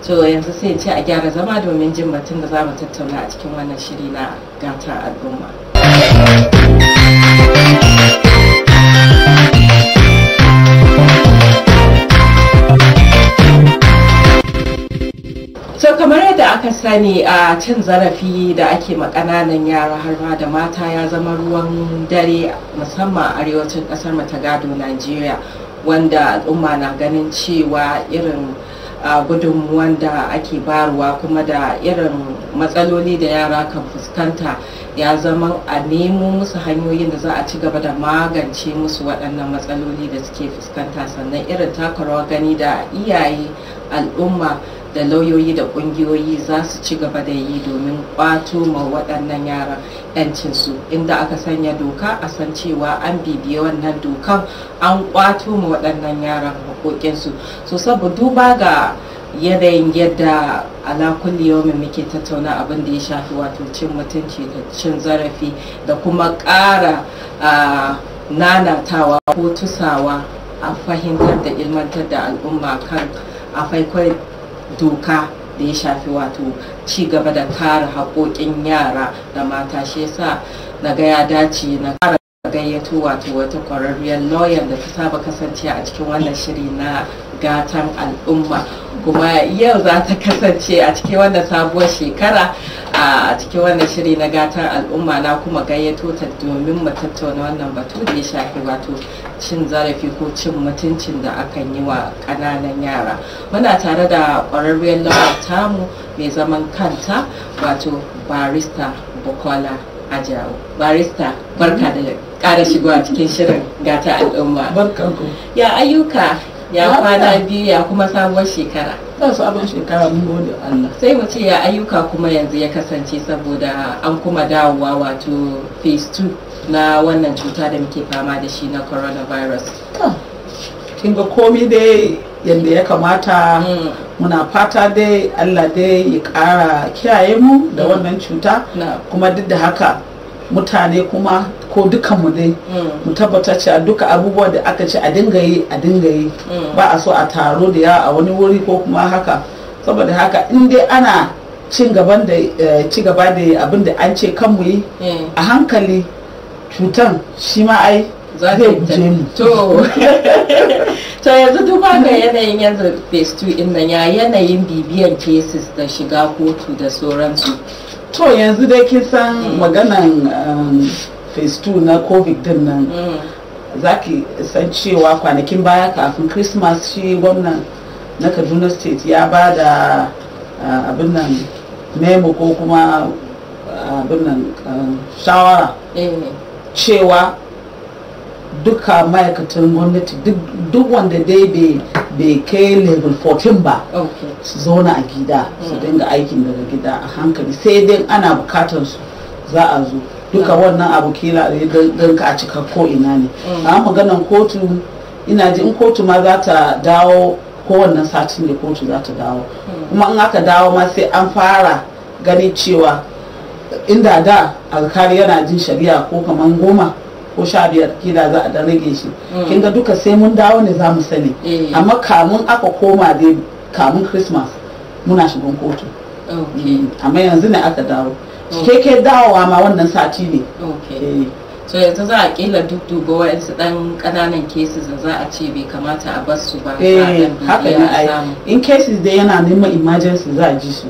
so yanzu sai ce a gyara zama domin jin batun da za mu tattauna a cikin wannan shiri na gata al'umma so kamar yadda aka sani a cin zarafi da ake maƙananan yara har ma da mata ya zama ruwan dare musamman a arewacin kasar mu ta gado najeriya wanda al'umma na ganin cewa irin gudunmuwan da ake barwa kuma da irin matsaloli da yara kan fuskanta ya zama a nemo musu hanyoyin da za a ci gaba da magance musu waɗannan matsaloli da suke fuskanta sannan irin takarawa gani da iyaye al'umma da lauyoyi da kungiyoyi za su ci gaba da yi domin kwato ma waɗannan yaran 'yancinsu inda aka sanya doka a san cewa an bibiye wannan dokan an kwato ma waɗannan yaran haƙoƙinsu so saboda duba ga yanayin yadda alakulli yau muke tattauna abin da ya shafi wato cin mutunci da cin zarafi da kuma ƙara nanatawa ko tusawa a fahimtar da ilmantar da al'umma kan akwai doka da ya shafi wato ci gaba da kare haƙoƙin yara da mata shi yasa na ga ya dace na kara gayyato wato wata ƙwararriyar lauyan da ta saba kasance a cikin wannan shiri na gatan al'umma kuma yau za ta kasance a cikin wannan sabuwar shekara a cikin wannan shiri na gatan al'umma na kuma gayyato ta domin mu tattauna wannan batu da ya shafi wato cin zarafi ko cin mutuncin da akan yi wa ƙananan yara muna tare da ƙwararriyar lawar tamu mai zaman kanta wato barista bukola ajawo barista barka da ƙara shigo a cikin shirin gata al'umma ya ayyuka ya kwana biyu ya kuma sabuwar shekara su abin shekara mun gode Allah sai mu ce ya ayyuka kuma yanzu ya kasance saboda an kuma dawowa wato phase 2 na wannan cuta da muke fama da shi na coronavirus kin ga komai dai yadda ya kamata mm. muna fata dai Allah dai ya ƙara kiyaye mu da mm. wannan cuta kuma duk da haka mutane kuma ko mu dai mm. mu tabbata cewa duka abubuwa da aka ce a dinga yi a dinga yi mm. ba a so a taro da yawa a wani wuri ko kuma haka saboda haka in dai ana cin gaban da eh, ci gaba da abin da an ce kan mu yi mm. a hankali cutan shi ma ai zai guje mu to yanzu duba ga yanayin yanzu phase 2 din nan ya yanayin bibiyar cases da shiga kotu da sauransu to yanzu dai kin san maganan um, phase 2 na covid din nan mm. zaki san cewa kwanakin baya kafin christmas shi gwamnan na kaduna state ya ba da abin nan memo ko kuma abin nan shawara eh. cewa duka ma'aikatan gwamnati duk wanda dai bai kai level 14 ba su zauna a gida su mm. dinga aikin daga gida a hankali sai dai ana bukatar su za a zo duka wannan abu kila don ka a cika ko ina ne mm. a maganan kotu ina ji in kotu ma za ta dawo wannan satin ne kotu za ta dawo mm. kuma in aka dawo ma sai an fara gani cewa inda da alkari yana jin shari'a ko kaman goma ko sha biyar kila za a shi mm. kin ga duka sai mun dawo ne za mu sani eh. amma kamun aka koma dai kamun christmas muna shigan kotu amma yanzu ne aka dawo ke ke dawowa ma wannan sati ne eh. so yanzu za a kila duk duba wa'insu dan kananan cases za a ce bai kamata a bar su ba eh, haka ne in cases dai yana neman emergency za a ji su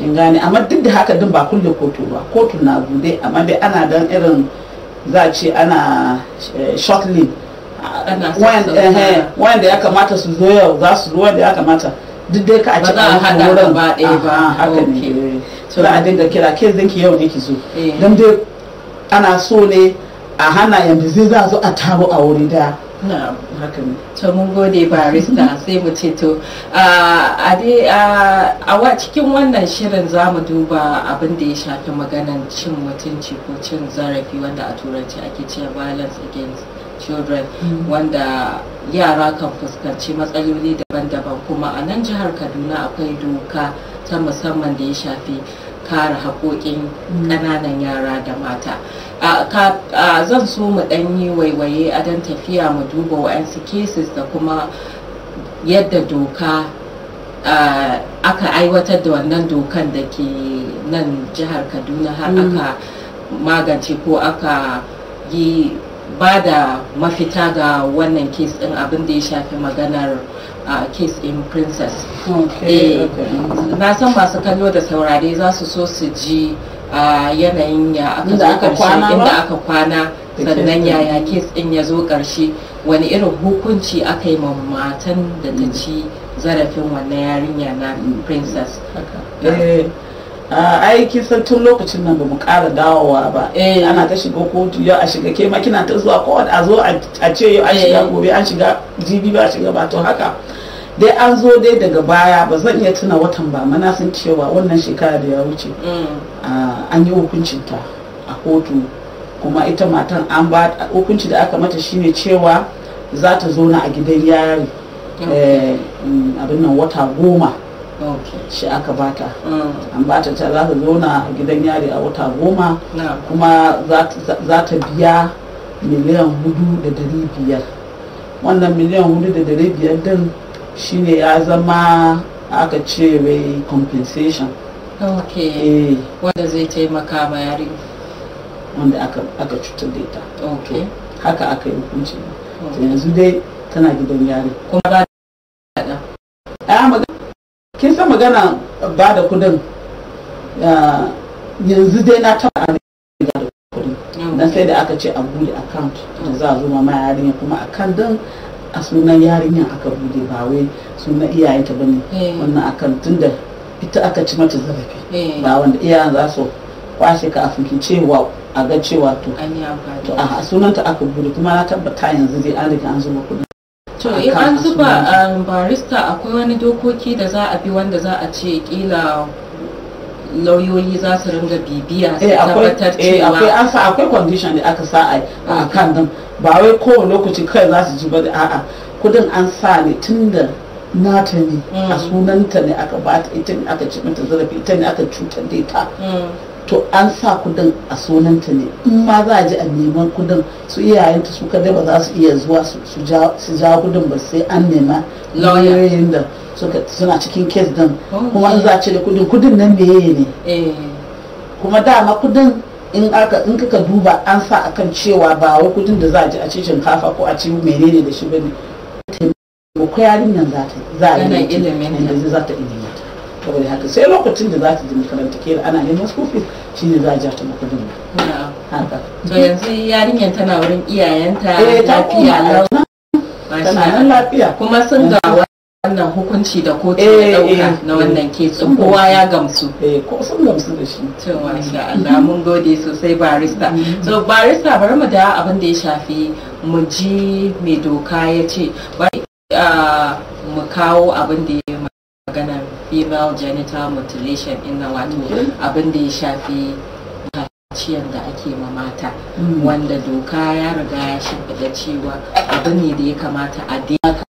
in gane amma duk da haka din ba kulle kotu ba kotu na bude amma dai ana dan irin za a ce ana eh, shortly wanda ya kamata su zo yau za su zo wanda ya kamata duk dai ka a ce ba za a ba ɗaya ba haka ne suna a dinga kira ke zaki yau ne ki so eh. don dai ana so ne a hana yanzu zai za zo a taro a wuri da hakan to mun gode barista mm-hmm. sai mu ce to a a cikin wannan shirin za mu duba abin da ya shafi maganan cin mutunci ko cin zarafi wanda a turanci ake cewa violence against children mm-hmm. wanda yara kan fuskanci matsaloli daban-daban kuma a nan jihar kaduna akwai doka ta musamman da ya shafi kare haƙoƙin mm. ƙananan yara da mata zan so mu yi waiwaye a don tafiya mu duba wa'ansu cases da kuma yadda doka aka aiwatar da wannan dokan da ke nan jihar kaduna har mm. aka magance ko aka yi ba da mafita ga wannan kes din abin da ya shafi maganar a case in princess eh, na san masu kallo da saurare za su so su ji a yanayin ya aka zo karshe inda aka kwana sannan yaya kes din ya zo karshe wani irin hukunci aka yi matan da ta mm. ci zarafin wannan yarinya na mm. princess eh, ai san tun lokacin nan ba mu kara dawowa ba eh ana ta shiga kotu yau a shiga ke kina ta zuwa ko a zo a ce yau an shiga eh. gobe an shiga jibi ba a shiga ba to haka dai an zo dai daga baya ba zan iya tuna watan ba mana sun cewa wannan shekara da ya wuce mm. an yi hukuncin ta a kotu kuma ita matan an ba hukunci da aka mata shine cewa za ta zo na a gidan yari mm. Eh, mm, abin nan wata goma shi aka bata an bata ta za ta zauna a gidan yari a wata goma kuma za ta biya miliyan hudu da dari biyar wannan miliyan hudu da dari biyar din shine ya zama aka ce wai compensation ok eh. wanda zai taimaka ma yari wanda aka cutar da ita ok haka aka yi hukunci yanzu dai tana gidan yari kuma ba ta ah, kin san magana ba da kudin yanzu dai na taba a da kudi oh. dan sai da aka ce a buɗe account da za a zo ma yarinya kuma akan din a sunan yarinya aka bude ba wai sunan iyayenta bane eh. wannan akan tunda ita aka ci mata zarafi eh. ba wanda iyayen za su kwashe ka a fuki cewa a ga cewa to a sunanta aka buɗe kuma na tabbata yanzu dai an riga an zuma kuɗin. to in an zuba um, barista akwai wani dokoki da za a bi wanda za a ce kila lauyoyi za su ringa bibiya su eh, tabbatar eh, cewa akwai an sa akwai condition da aka sa a mm. kan din ba wai kowane lokaci kai za su ji ba a'a kudin an sa ne tun da nata ne a mm. sunanta ne aka bata ita ne aka ci mata zarafi ita ne aka cutar da ita mm. to an sa kudin a sunanta ne in ma za a ji a neman kudin su iyayenta su kadai ba za su iya zuwa su ja kudin ba sai an nema lauyoyin da suna cikin kes din oh. kuma in za a cire kudin kudin nan meye ne eh. kuma dama kudin in aka in kaka duba an sa akan cewa ba wai kudin da za a ji a ci shinkafa ko a ci menene da shi bane taimako yarinyar za ta za a yi ilimin da za ta ilimi saboda haka sai lokacin da za ta ji makaranta kera ana neman school fees shi ne za a ja ta makudin haka to yanzu yarinyar tana wurin iyayenta eh, lafiya tana nan lafiya kuma sun ga wannan hukunci da kotu ya dauka eh, eh, na wannan kesin kowa ya gamsu sun gamsu da shi cewa insha Allah mun gode sosai barista mm-hmm. so barista bari mu da abin da ya shafi mu ji mai doka ya ce ah, mu kawo abin da ya magana female genital mutilation ina wato abin da ya shafi ciyar da ake ma mata hmm. wanda doka ya riga ya shimfiɗa cewa abu ne da ya kamata a daina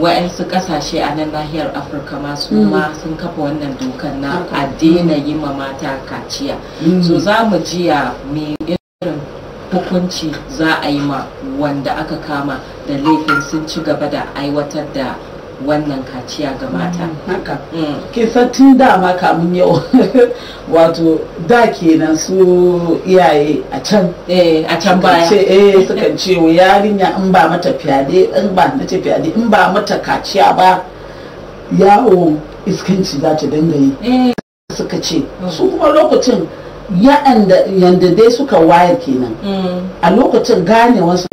wa'yansu kasashe a nan nahiyar afirka masu hmm. ma sun kafa wannan dokar na a daina yi ma mata kaciya hmm. so za mu jiya me irin hukunci za a yi ma wanda aka kama da laifin sun ci gaba da aiwatar da wannan kaciya ga mata mm, haka mm. ke tun dama kamun yau wato da kenan su iyaye a can eh, a can baya eh sukan ce yarinya in ba mata fiyade in ba mata fyaɗe in ba mata kaciya ba yawo iskanci za ta dinga eh. suka ce mm. su kuma lokacin yadda dai suka wayar kenan a lokacin ganewarsu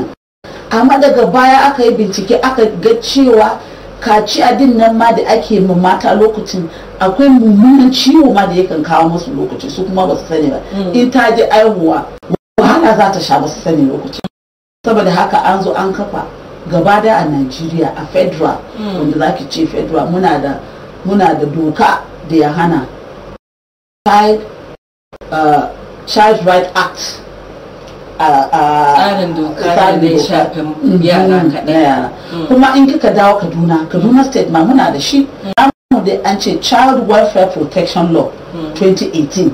amma daga baya aka yi bincike aka ga cewa kaciya abin nan ma da ake ma mata lokacin akwai mummunan ciwo ma da yakan kawo masu lokaci su kuma ba su sani ba mm. in ta ji aihuwa wahala za ta sha ba su sani lokaci saboda haka an zo an kafa gaba da a Najeriya a federal mm. wanda za ki ce federal muna da doka da ya hana child uh, right act tsarin doka da ya shafi mm-hmm. yara mm-hmm. kaɗai mm. kuma in kika dawo kaduna kaduna state ma muna da shi namu mm. da an ce child welfare protection law 2018 mm.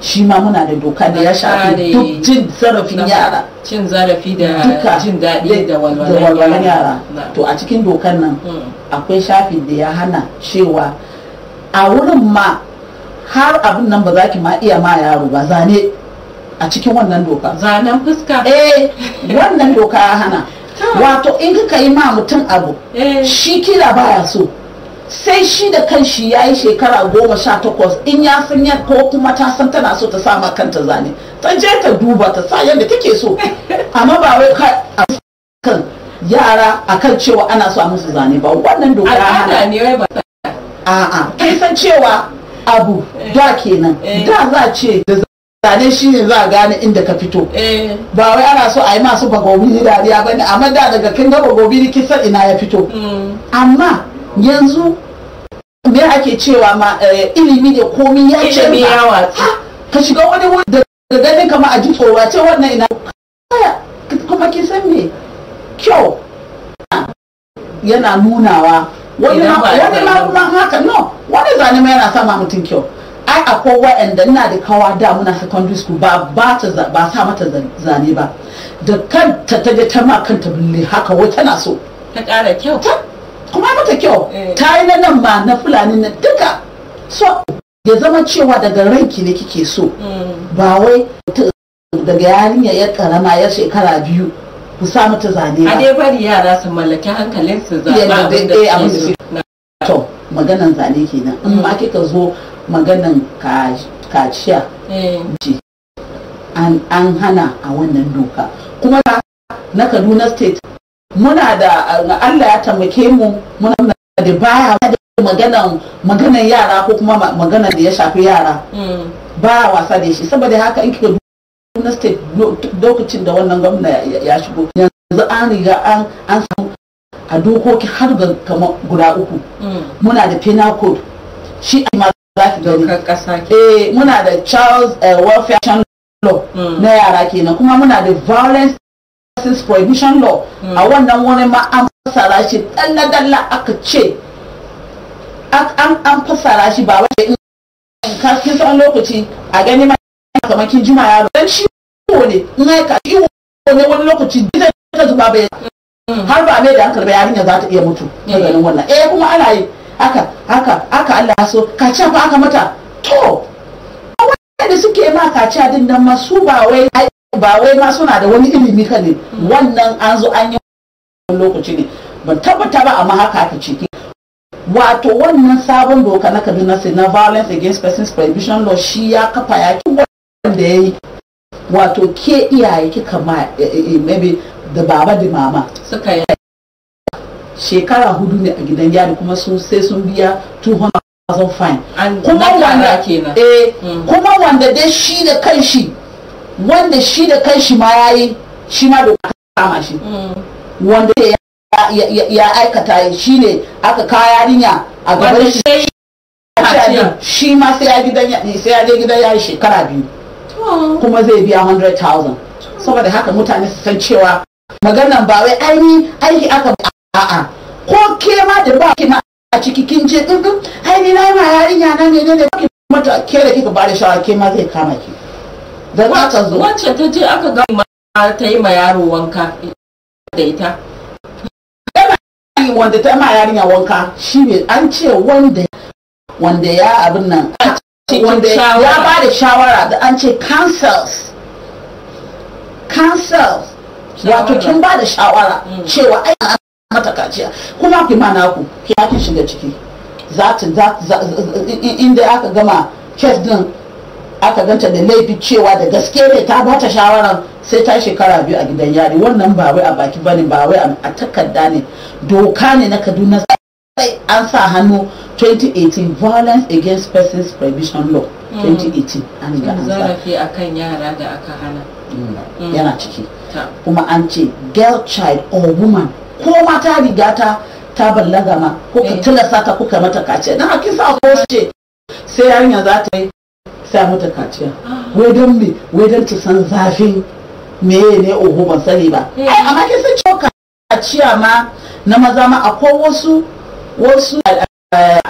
shi ma muna da doka da ya shafi duk cin zarafin yara cin zarafi da jin daɗi da walwalan yara to a cikin dokan nan akwai shafin da ya hana cewa a wurin ma har abin nan ba za ki ma iya ma yaro ba zane a cikin wannan doka zanen fuska eh wannan doka ya hana wato in kika yi ma mutum abu eh. shi kila baya so sai shi da kanshi ya yi shekara goma sha takwas in ya san ya ko kuma ta san tana so ta sama kanta zane ta je ta duba ta sa yadda take so amma ba wai ka kan yara akan cewa ana so a musu zane ba wannan doka ya hana a'a kai san cewa abu eh. da kenan eh. da za ce da zane shi ne za a gane inda ka fito eh. ba wai ana so a yi masu bagobiri dariya ba ne amma da daga kin ga bagobiri kisan ina ya fito mm. amma yanzu me ake cewa ma eh, ilimi ne komi ya ce ba. ka shiga wani wani da ganin kama a ji tsowa ce wannan ina kuma kin san me kyau yana nunawa wani ma kuma haka no wani zane ma yana sama mutum kyau ai akwai wa'anda ina da kawa da muna secondary school ba ba ta ba sa mata zane ba da kanta ta ga ta ma kanta bulle haka wai tana so ta kara kyau Ta kuma mata kyau eh. ta yi na nan ma na fulani na duka so ya zama cewa daga ranki ne kike so hmm. ba wai daga yarinya ya karama ya shekara biyu ku sa mata zane ba a dai bari yara su mallaki hankalin su a abin da eh, suke to maganan zane kenan in ma hmm. kika zo maganan kaciya eh. an hana a wannan doka kuma na kaduna state muna da allah ya tambake mu muna da baya da maganan maganan yara ko kuma maganan da ya shafi yara mm. ba wasa da shi saboda haka in kika kaduna state lokacin da wannan gwamna ya shigo yanzu an riga an samu a dokoki har ga guda uku mm. muna da penal code shi a Eh, muna da child eh, welfare law hmm. na yara kenan kuma muna da violence Justice Prohibition Law a hmm. wannan wani ma an fasara shi dalla aka ce an fasara shi ba wace in kaskin san lokaci a gani ma kamar kin jima yaro dan ciwo ne in ya ka ne wani lokaci gidan ta zuba bai hmm. har ba mai da hankali ba yarinya za ta iya mutu ganin wannan eh kuma ana yi aka aka aka Allah so kaciya fa aka mata to wanda suke ma kaciya din nan ma su ba wai ba wai ma suna da wani ilimi kan ne wannan an zo an yi lokaci ne ban tabbata ba amma haka aka ciki wato wannan sabon doka na kaduna sai na violence against persons prohibition law shi ya kafa ya ki wanda ya yi wato ke iyaye kika ma eh, eh, eh, maybe da baba da mama suka yi shekara hudu ne a gidan yari kuma sun sai sun biya 200,000 fine kuma wanda eh mm. kuma wanda dai shi da kanshi wanda shi da kanshi ma ya yi shi ma da kama shi mm. wanda ya aikata shi ne aka kaya rinya a gabar shi shi ma sai ya gidan ya sai ya je gidan ya shekara biyu oh. kuma zai biya 100,000 saboda haka mutane su san cewa maganan ba wai aini aiki aka a'a ko ke ma da ba kina a ciki kin je din ai ni na ma yarinya na ne ne ki mata ke da kika bada shawara ke ma zai kama ki da za ta zo wacce ta je aka ga ma ta yi ma yaro wanka da ita wanda ta ma yarinya wanka shi ne an ce wanda wanda ya abin nan wanda ya ba da shawara da an ce cancels cancels wato kin ba da shawara mm. cewa ai mata kaciya kuma ki ma naku ki shiga ciki za ta inda aka gama kes din aka ganta da laifi cewa da gaske ne ta bata shawarar sai ta shekara biyu a gidan yari wannan ba wai a baki bane ba wai a takarda ne doka ne na kaduna sai an sa hannu 2018 violence against persons prohibition law 2018 mm. an ga an zarafi akan yara da aka hana mm. Mm. yana ciki kuma an ce girl child or woman ko ma ta riga ta ta ballaga ma ko ka eh. tilasta ta kuka mata kaciya na a kisa ko ce sai yarinya za ta yi sai mata kaciya ah. wai don me wai don ta san zafin meye ne oho ban sani ba eh. ai amma kin san cewa kaciya ma na maza ma akwai wasu wasu eh,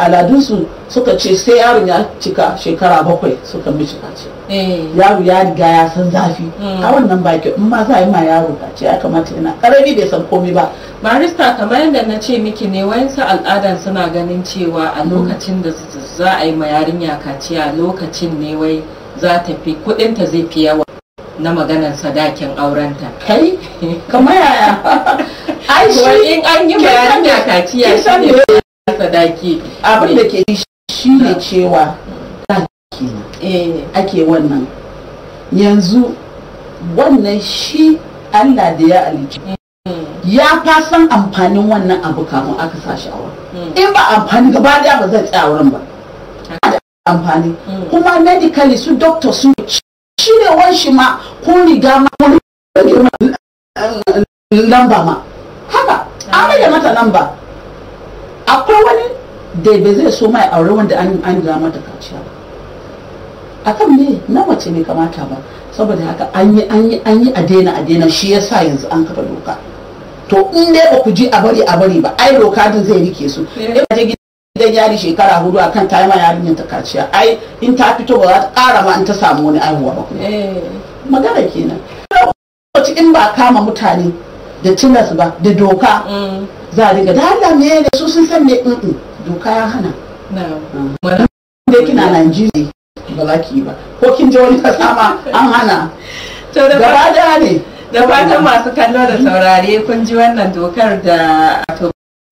aladunsu suka ce sai yaron ya cika shekara bakwai suka mishi kace eh. yaro ya riga ya san zafi mm. a wannan baki in ma za a yi ma yaro kace ya kamata yana karami bai san komai ba barista kamar yadda na ce miki ne wayansu al'adan suna ganin cewa a mm. lokacin da za a yi ma yarinya kaciya lokacin ne wai za ta fi ta zai fi yawa na maganar sadakin aurenta. Kai, kamar yaya? Ai shi in an yi bayanin kaciya shi ne. sadaki abin da ke shi ah. ne cewa eh. ake wannan yanzu wannan shi allah da ya alici hmm. ya fasan amfanin wannan abu kamun aka sa shawar hmm. in ba amfani gaba daya ba zai tsaya wurin ba hmm. amfani kuma medically su doctor su shi ne shi ma kun riga ma kun lamba ma haka an rage mata lamba akwai wani da ba zai so mai aure wanda an yi mata kaciya ba akan ne na mace mai kamata ba saboda haka an yi an yi an yi a daina a daina shi sa yanzu an kafa doka to in dai ba ku ji a bari a bari ba ai doka din zai rike su gidan yari shekara hudu akan ta yi ma yarinyar ta kaciya ai in ta fito ba za ta kara ma in ta samu wani aihuwa ba kuma eh. magana kenan in ba kama mutane da tilas ba da doka mm. za a da Allah me ne su sun san me in doka ya hana ah. wannan da kina Najeriya ba za ki yi ba ko kin je wani kasama an hana da daya ne da fatan masu kallo da saurare kun ji wannan dokar da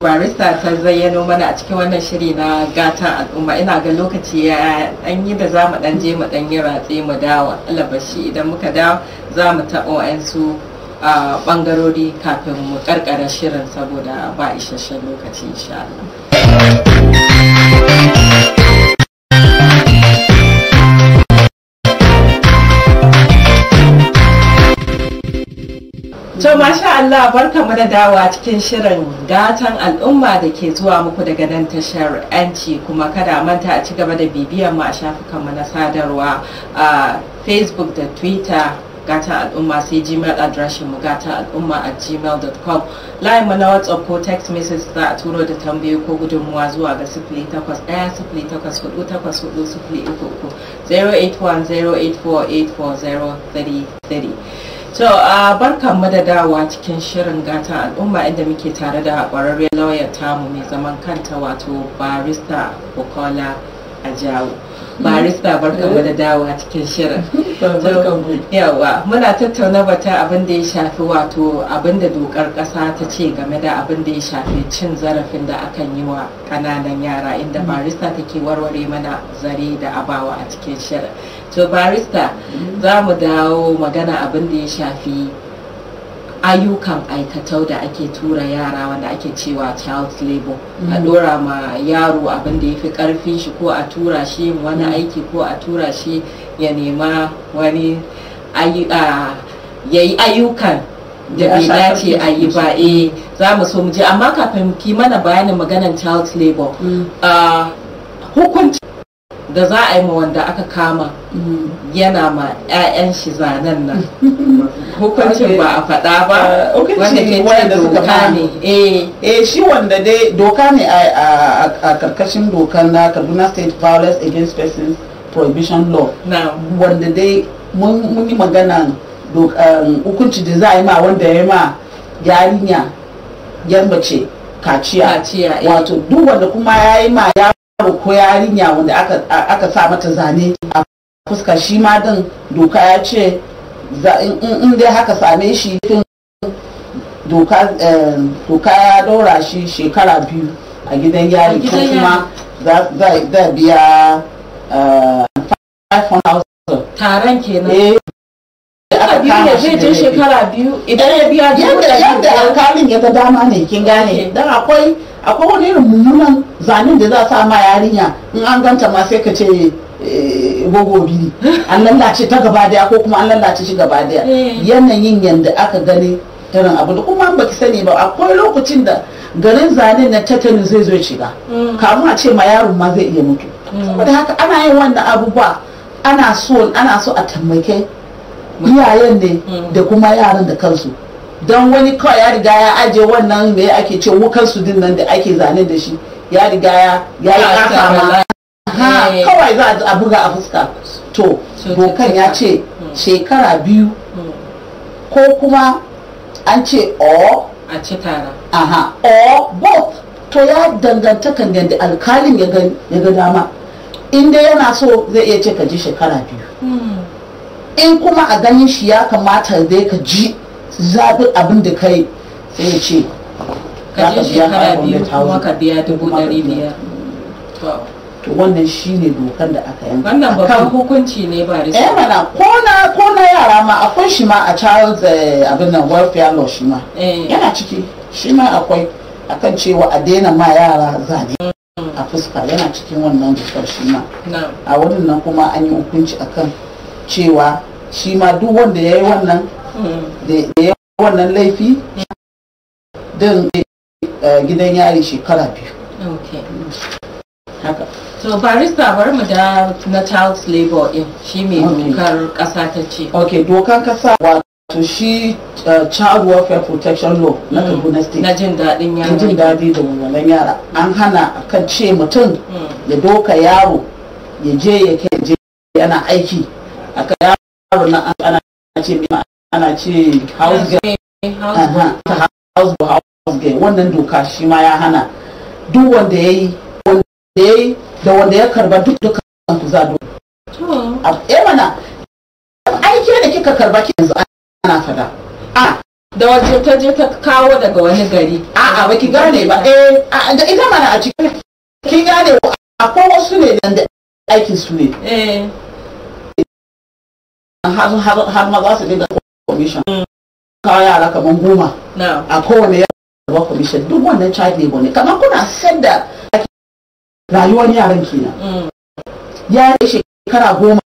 barista ta zayyano mana a cikin wannan shiri na gata al'umma ina ga lokaci ya an yi da zamu dan je mu dan yi ratse mu dawo alabashi idan muka dawo za mu taɓa wa'ansu a bangarori kafin mu karkara shirin saboda ba isasshen lokaci insha To masha Allah mu da dawa cikin shirin gatan al'umma da ke zuwa muku daga nan tashar yanci kuma kada manta a ci gaba da bibiyan mu a shafukanmu na sadarwa a Facebook da Twitter gata al'umma sai gmail adireshin mu gata al'umma a gmail.com layin mu na whatsapp ko text message za a turo da tambayi ko gudunmuwa zuwa ga 08108484030 to a barkan mu da dawa cikin shirin gata al'umma inda muke tare da ƙwararren lauyar tamu mai zaman kanta wato barista bukola ajawu barista barkan mu da dawowa cikin shirin yawa muna tattauna bata abin da ya shafi wato abin da dokar kasa ta ce game da abin da ya shafi cin zarafin da akan yi wa kananan yara inda mm. barista take warware mana zare da abawa a cikin shirin to barista za mu dawo magana abin da ya shafi ayyukan aikatau da ake tura yara wanda ake cewa child labor a mm. dora ma yaro abin da ya fi karfin shi ko a tura shi wani mm. aiki ko a tura shi ya nema wani ya yi ayyukan da bai dace a yi ba eh za mu so mu je amma kafin ki mana bayanin maganan child labor mm. hukunci da za a yi ma wanda aka kama mm. yana ma 'ya'yan shi zanen nan hukuncin ba a faɗa ba uh, wanda ke ce doka ne eh. eh shi wanda dai doka ne a karkashin doka na kaduna state violence against persons prohibition law wanda dai mun yi magana um, hukunci da za a yi ma wanda ya yi ma yarinya yan mace kaciya eh. wato duk wanda kuma ya yi ma ya ko yarinya wanda aka sa mata zane a fuska shi ma din doka ya ce in dai haka same shi eh, doka ya daura shi shekara biyu a gidan yari ko kuma za biya 5,000 eh, taron kenan eh, aka biyu shekara biyu idan ya biya yadda alkalin ya ga dama ne kin gane dan akwai akwai wani irin mummunan zanen da za sa ma yarinya in an ganta ma sai ka ce eh, gogo biri an lallace ta gaba daya ko kuma an lallace shi gaba daya eh. yanayin yadda aka gani tarin abu da kuma ba ki sani ba akwai lokacin da garin zanen na tattalin zai zo shiga mm. kamun a ce ma yaron ma zai iya mutu mm. saboda haka ana yin wannan abubuwa ana so ana so a tammake iyayen ne mm. da kuma yaran da kansu don wani kawai ya riga ya ajiye wannan me ake ce wukan su din nan da ake zane da shi ya riga ya ya yi asara ha eh. kawai za a buga a fuska to dokan ya ce hmm. shekara biyu hmm. ko kuma an ce o a ci tara aha o both to ya danganta kan yadda alkalin ya ga dama inda yana so zai iya ce ka ji shekara biyu hmm. in kuma a ganin shi ya kamata zai ka ji zafin abin da kai sai ya ce ka je shekara biyu kuma ka biya dubu ɗari biyar to wannan shine dokar da aka yanka wannan babban hukunci ne ba da eh mana ko kona yara ma akwai shi ma a child eh, abin nan welfare law shi ma eh. yana ciki shi ma akwai akan cewa a daina ma yara zane mm. a fuska yana cikin wannan dokar shi ma a wurin nan kuma an yi hukunci akan cewa shi ma duk wanda ya yi wannan da ya wannan laifi din eh, gidan yari shekara biyu haka so barista bari mu da na child labor din shi mai dokar kasa ta ce ok dokan kasa wato shi eh, child welfare protection law na mm. kaduna state na jin daɗin yara jin daɗi da wannan yara an hana kan ce mutum mm. ya doka yaro ya je ya kai je yana aiki akan yaro na ana ce mai ana ce house game wannan doka shi ma ya hana duk wanda ya yayi da wanda ya karba duk dukkan ku za a e mana aiki da kika karba ki yanzu ana fada a da waje ta je ta kawo daga wani gari a a ki gane ba eh da ita mana a cikin kin gane akwai wasu ne nan da aikin su ne eh har ma za su dinga commission kawo yara kamar goma a kowane yara ba commission duk wannan child labor ne kamar kuna sayar da rayuwar mm. yaran kenan yare shekara goma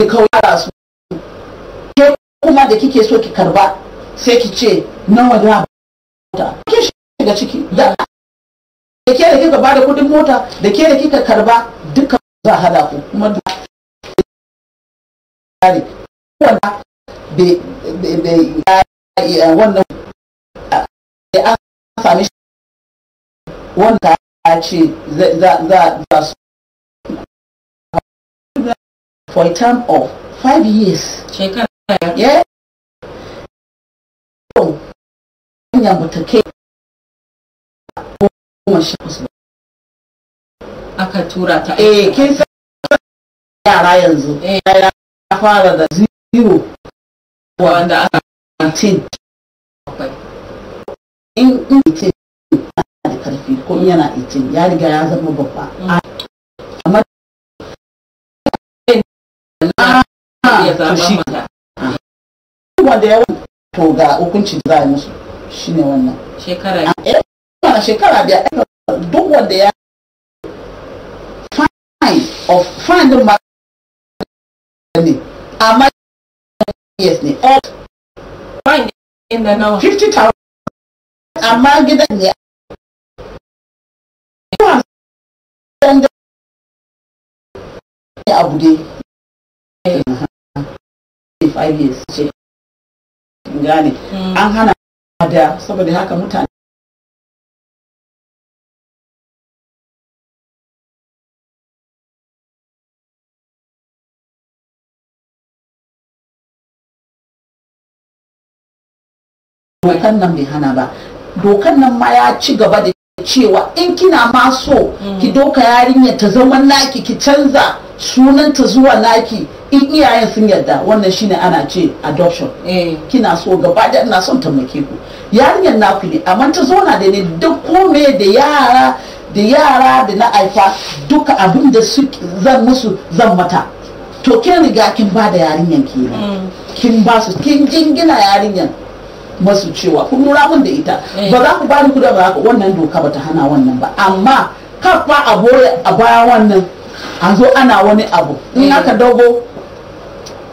ne kawo yara su ke kuma da kike so ki karba sai ki ce nawa da mota. ke shiga ciki da da ke da kika ba da kudin mota da ke da kika karba duka za a hada ku kuma da wanda bai wannan an sami wanda ya ce that su for a term of five years shekara ya hanya ta eh kin san yara eh ya fara da zero wanda a cin in in cin da karfi ko yana cin ya riga ya zama babba mm. amma wanda ah, ya to ga hukuncin da za a musu shine wannan shekara shekara biya duk wanda ya fine of fine din ma ne amma years ne 50,000 gidan abu dai gane an hana da saboda haka mutane dokan nan bai hana ba dokan nan ma ya ci gaba da cewa in kina ma so ki mm. doka yarinyar ta zama naki ki canza sunanta zuwa naki in iyayen sun yarda wannan shine ana ce adoption eh. kina so gaba da ina son taimake ku yarinyar naku ne amma ta na da ne duk kome da yara da yara da na aifa duka abin da zan musu zan mata to kin riga kin ba da yarinyar ki mm. kin ba su kin jingina yarinyar masu cewa kun lura da ita eh. ba za ku bani kuɗi ba haka wannan doka ba ta hana wannan ba amma kafa a bore a baya wannan a zo ana wani abu in eh. aka dogo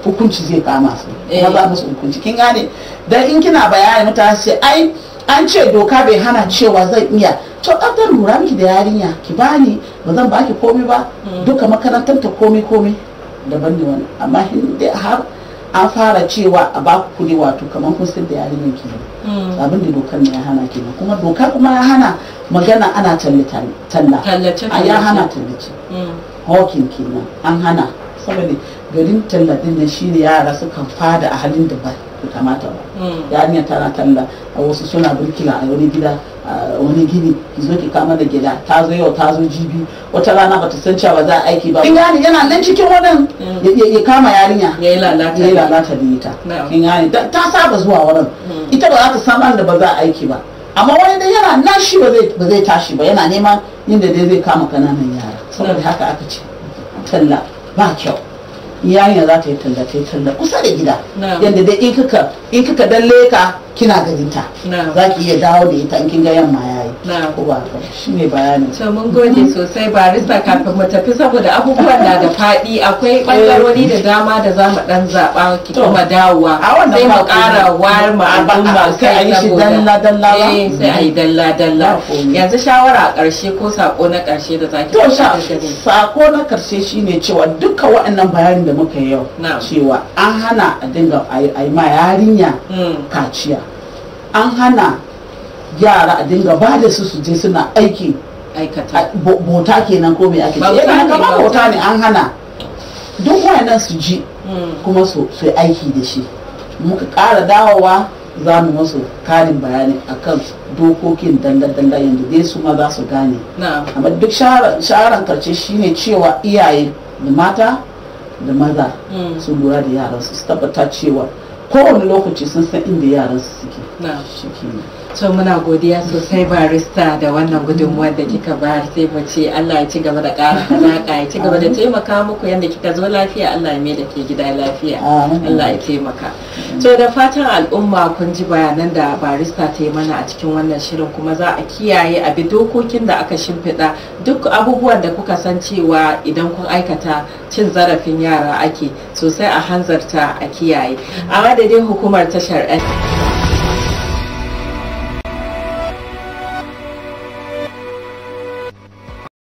hukunci zai kama su kuma eh. za musu hukunci kin gane dan in kina bayani mata sai ai an ce doka bai hana cewa zai iya to kaddar lura miki da yarinya ki bani ba zan baki komai ba hmm. duka makarantar ta komai komai daban ne wani amma dai har an fara cewa a ba ku kuɗi wato kamar kun sayar da yarinyar ki hmm. abin da dokar ne ya hana kenan kuma doka kuma ya hana magana ana talle talla a ah, ya hana tallace hmm. hawkin kenan an hana saboda garin talla din nan shine yara sukan fada a halin da ba kamata ba Mm. yarinyar tana talla a wasu suna burkina a wani gida a wani gini ki zo ki kama da gida ta zo yau ta zo jibi wata rana ba ta san cewa za a aiki ba kin yana nan cikin wadan mm. ya kama yarinya ya yi lalata ya yi lalata kin gane ta saba zuwa wurin mm. ita ba za ta san da ba za a aiki ba amma wani dai yana nan shi ba zai tashi ba yana neman inda dai zai kama kananan yara saboda haka aka ce talla ba kyau yayin za ta yi talla ta talla kusa da gida yadda dai in kika in kika dan leka kina ganin ta za ki iya dawo da ita kin ga yamma yayi ko ba ka ne bayanin to mun gode sosai barista kafin mu tafi saboda abubuwan na da fadi akwai bangarori eh. da dama da za mu dan zaba ki kuma dawowa sai mu kara war mu al'umma sai a yi shi dalla dalla ba eh, sai a yi dalla dalla yanzu shawara a karshe ko sako na karshe da zaki to sako na karshe shine cewa duka waɗannan bayanin da muka yi yau cewa an hana a dinga a yi ma yarinya hmm. kaciya an hana yara a dinga ba da su su je suna aiki aikata bota kenan ko mai ake yana kama bota ne an hana duk wayannan su ji hmm. kuma su yi aiki da shi muka ƙara dawowa za mu masu karin bayani akan dokokin dandandanda danda yadda dai su ma za su gane amma duk sharan karce shine cewa iyaye da mata da maza hmm. su lura da yaran su tabbata cewa kowane lokaci sun san inda yaran su suke so muna godiya sosai barista da wannan gudunmuwar da kika ba sai mu ce Allah ya ci gaba da ƙara alaƙa ya ci gaba da taimaka muku yadda kika zo lafiya Allah ya da ke gida lafiya Allah ya taimaka so da fatan al'umma kun ji bayanan da barista ta yi mana a cikin wannan shirin kuma za a kiyaye a bi dokokin da aka shimfiɗa duk abubuwan da kuka san cewa idan kun aikata cin zarafin yara ake sosai a hanzarta a kiyaye a madadin hukumar tashar